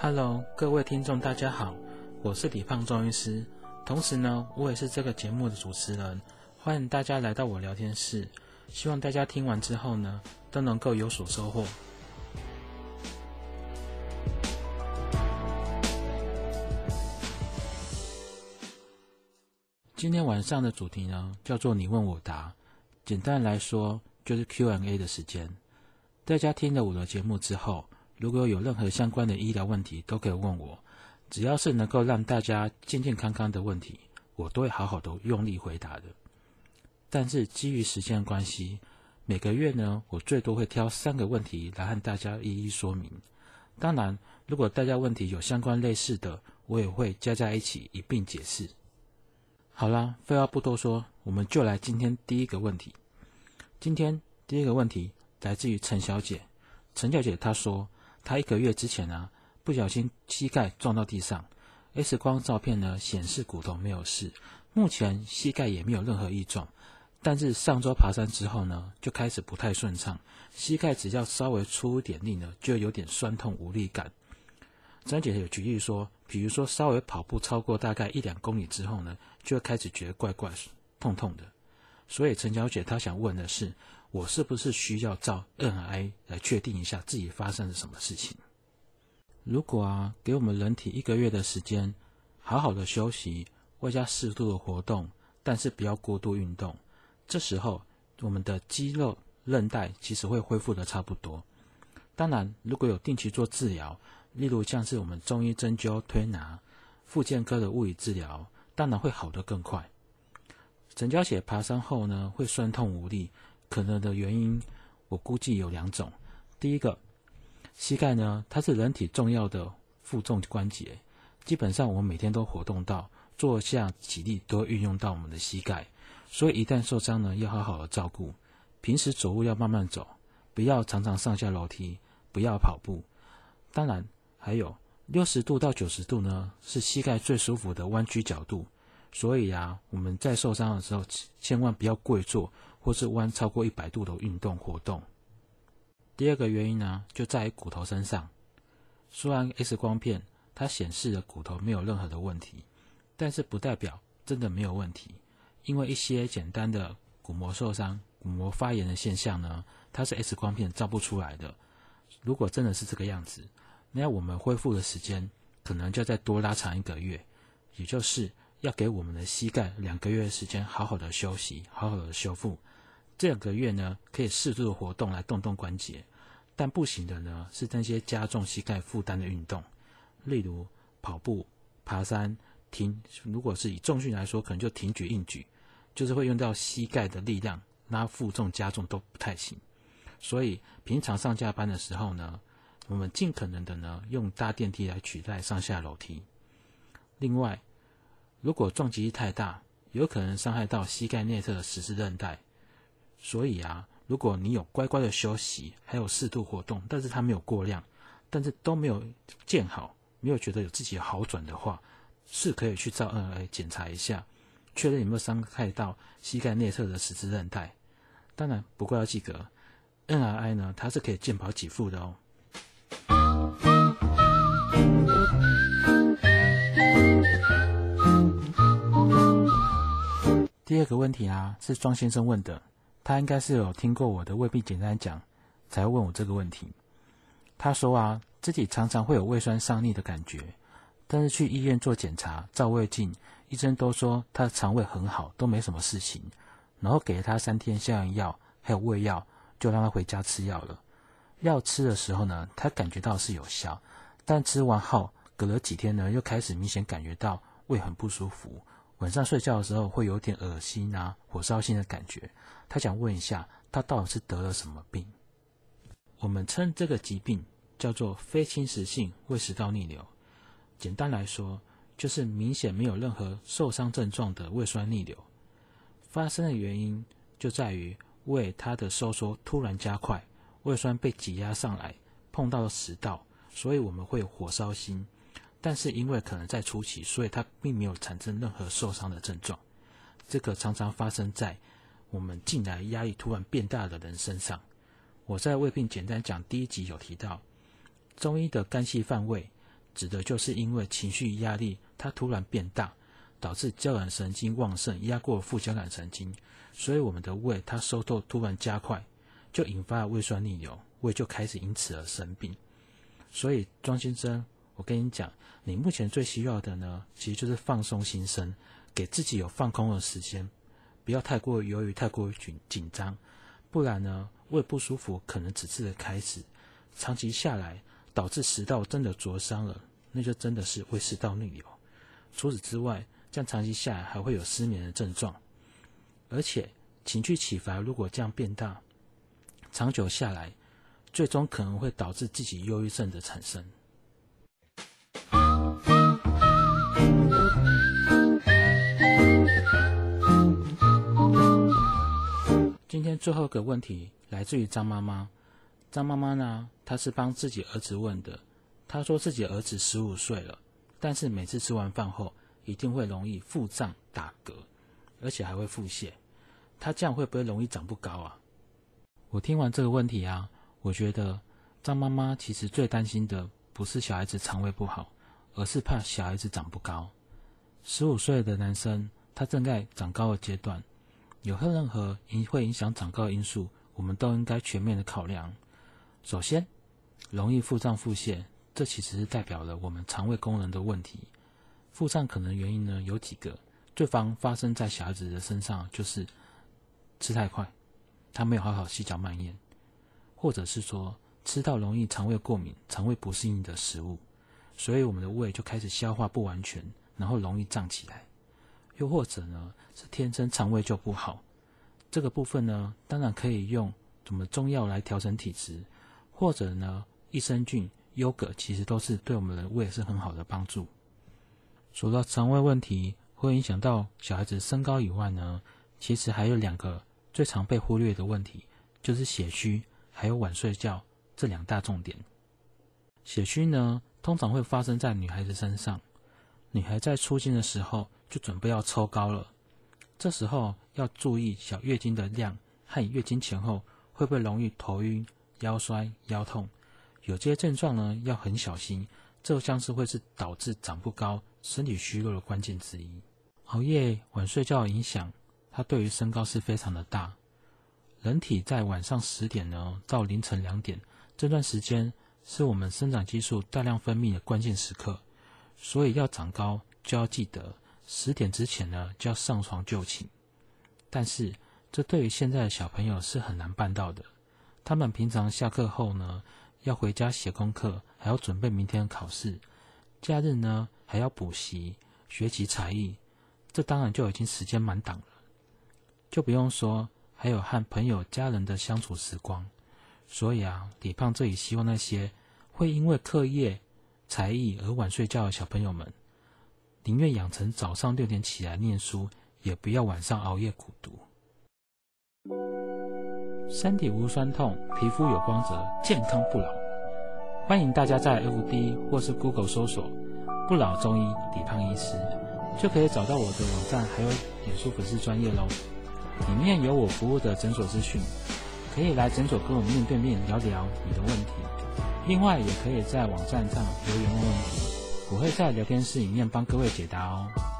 Hello，各位聽眾，大家好，我是李胖中醫師，同時呢，我也是這個節目的主持人。歡迎大家來到我聊天室，希望大家聽完之後呢，都能夠有所收穫。今天晚上的主題呢，叫做“你問我答”，簡單來說，就是 Q&A 的時間，大家聽了我的節目之後，如果有任何相關的醫療問題，都可以問我。只要是能夠讓大家健健康康的問題，我都會好好的用力回答的。但是基於時間的關係，每個月呢，我最多會挑三個問題來和大家一一說明。當然，如果大家問題有相關類似的，我也會加在一起一併解釋。好啦，廢話不多說，我們就來今天第一個問題。今天第一個問題來自於陳小姐。陳小姐她說，她一個月之前呢、啊，不小心膝蓋撞到地上，X 光照片呢顯示骨頭沒有事，目前膝蓋也沒有任何異狀。但是上周爬山之後呢，就開始不太順暢，膝蓋只要稍微出點力呢，就有點酸痛無力感。陳小姐有舉例說，比如說稍微跑步超過大概一兩公里之後呢，就會開始覺得怪怪、痛痛的。所以，陳小姐她想問的是，我是不是需要照 MRI 來確定一下自己發生了什麼事情？如果啊，給我們人體一個月的時間，好好的休息，外加適度的活動，但是不要過度運動，這時候我們的肌肉韌帶其實會恢復的差不多。當然，如果有定期做治療，例如像是我們中醫針灸、推拿、復健科的物理治療，當然會好得更快。整腳血爬山後呢，會痠痛無力，可能的原因我估計有兩種。第一個，膝蓋呢，它是人體重要的負重關節，基本上我們每天都活動到坐下、起立，都運用到我們的膝蓋，所以一旦受傷呢，要好好的照顧。平時走路要慢慢走，不要常常上下樓梯，不要跑步。當然，還有六十度到九十度呢，是膝蓋最舒服的彎曲角度。所以啊，我們在受傷的時候，千萬不要跪坐或是彎超過一百度的運動活動。第二個原因呢、啊，就在於骨頭身上。雖然 X 光片它顯示的骨頭沒有任何的問題，但是不代表真的沒有問題，因為一些簡單的骨膜受傷、骨膜發炎的現象呢，它是 X 光片照不出來的。如果真的是這個樣子，那我們恢復的時間可能就要再多拉長一個月，也就是，要給我們的膝蓋兩個月的時間，好好的休息，好好的修復。這兩個月呢，可以適度的活動來動動關節，但不行的呢，是那些加重膝蓋負擔的運動，例如跑步、爬山、停。如果是以重訓來說，可能就挺舉、硬舉，就是會用到膝蓋的力量，拉負重加重都不太行。所以平常上下班的時候呢，我們盡可能的呢，用搭電梯來取代上下樓梯。另外，如果撞擊力太大，有可能傷害到膝蓋內側十字韌帶。所以啊，如果你有乖乖的休息，還有適度活動，但是它沒有過量，但是都沒有見好，沒有覺得有自己好轉的話，是可以去照 MRI 檢查一下，確認有沒有傷害到膝蓋內側的十字韌帶。當然，不過要記得 MRI 呢，它是可以健保給付的哦。第二個問題啊，是莊先生問的。他應該是有聽過我的胃病簡單講，才會問我這個問題。他說啊，自己常常會有胃酸上逆的感覺，但是去醫院做檢查、照胃鏡，醫生都說他腸胃很好，都沒什麼事情。然後給了他三天消炎藥，還有胃藥，就讓他回家吃藥了。藥吃的時候呢，他感覺到是有效，但吃完後隔了幾天呢，又開始明顯感覺到胃很不舒服。晚上睡覺的時候會有點惡心啊，火燒心的感覺。他想問一下，他到底是得了什麼病？我們稱這個疾病叫做非侵蝕性胃食道逆流。簡單來說，就是明顯沒有任何受傷症狀的胃酸逆流。發生的原因就在於胃它的收縮突然加快，胃酸被擠壓上來，碰到了食道，所以我們會火燒心。但是因為可能在初期，所以他並沒有產生任何受傷的症狀。這個常常發生在我們近來壓力突然變大的人身上。我在胃病簡單講第一集有提到，中醫的肝氣犯胃，指的就是因為情緒壓力它突然變大，導致交感神經旺盛壓過副交感神經，所以我們的胃它收縮突然加快，就引發了胃酸逆流，胃就開始因此而生病。所以莊先生。我跟你講，你目前最需要的呢，其實就是放鬆心身，給自己有放空的時間，不要太過憂鬱，太過緊緊張，不然呢，胃不舒服可能只是開始，長期下來導致食道真的灼傷了，那就真的是胃食道逆流。除此之外，這樣長期下來還會有失眠的症狀，而且情緒起伏如果這樣變大，長久下來，最終可能會導致自己憂鬱症的產生。最後一個問題來自於張媽媽，張媽媽呢，她是幫自己兒子問的。她說自己兒子十五歲了，但是每次吃完飯後一定會容易腹脹、打嗝，而且還會腹瀉。他這樣會不會容易長不高啊？我聽完這個問題啊，我覺得張媽媽其實最擔心的不是小孩子腸胃不好，而是怕小孩子長不高。十五歲的男生，他正在長高的階段。有和任何影會影響長高的因素，我們都應該全面的考量。首先，容易腹脹腹瀉，這其實是代表了我們腸胃功能的問題。腹脹可能原因呢有幾個，最常發生在小孩子的身上，就是吃太快，他沒有好好細嚼慢嚥，或者是說吃到容易腸胃過敏、腸胃不適應的食物，所以我們的胃就開始消化不完全，然後容易脹起來。又或者呢，是天生腸胃就不好。這個部分呢，當然可以用什麼中藥來調整體質，或者呢，益生菌、優格其實都是對我們的胃是很好的幫助。除了腸胃問題會影響到小孩子身高以外呢，其實還有兩個最常被忽略的問題，就是血虛，還有晚睡覺這兩大重點。血虛呢，通常會發生在女孩子身上。女孩在初經的時候就準備要抽高了，這時候要注意小月經的量，還月經前後會不會容易頭暈、腰酸、腰痛，有這些症狀呢，要很小心，這像是會是導致長不高、身體虛弱的關鍵之一。熬夜、晚睡覺的影響，它對於身高是非常的大。人體在晚上十點呢，到凌晨兩點這段時間，是我們生長激素大量分泌的關鍵時刻。所以要長高，就要記得十點之前呢，就要上床就寢。但是，這對於現在的小朋友是很難辦到的。他們平常下課後呢，要回家寫功課，還要準備明天的考試，假日呢，還要補習、學習才藝。這當然就已經時間滿檔了，就不用說還有和朋友、家人的相處時光。所以啊，李胖這裡希望那些會因為課業、才藝而晚睡覺的小朋友們，寧願養成早上六點起來念書，也不要晚上熬夜苦讀。身體無酸痛，皮膚有光澤，健康不老。歡迎大家在 FB 或是 Google 搜索“不老中醫李胖醫師”，就可以找到我的網站，還有臉書粉絲專業咯。裡面有我服務的診所資訊，可以來診所跟我面對面聊聊你的問題。另外，也可以在網站上留言問問題，我會在聊天室裡面幫各位解答哦。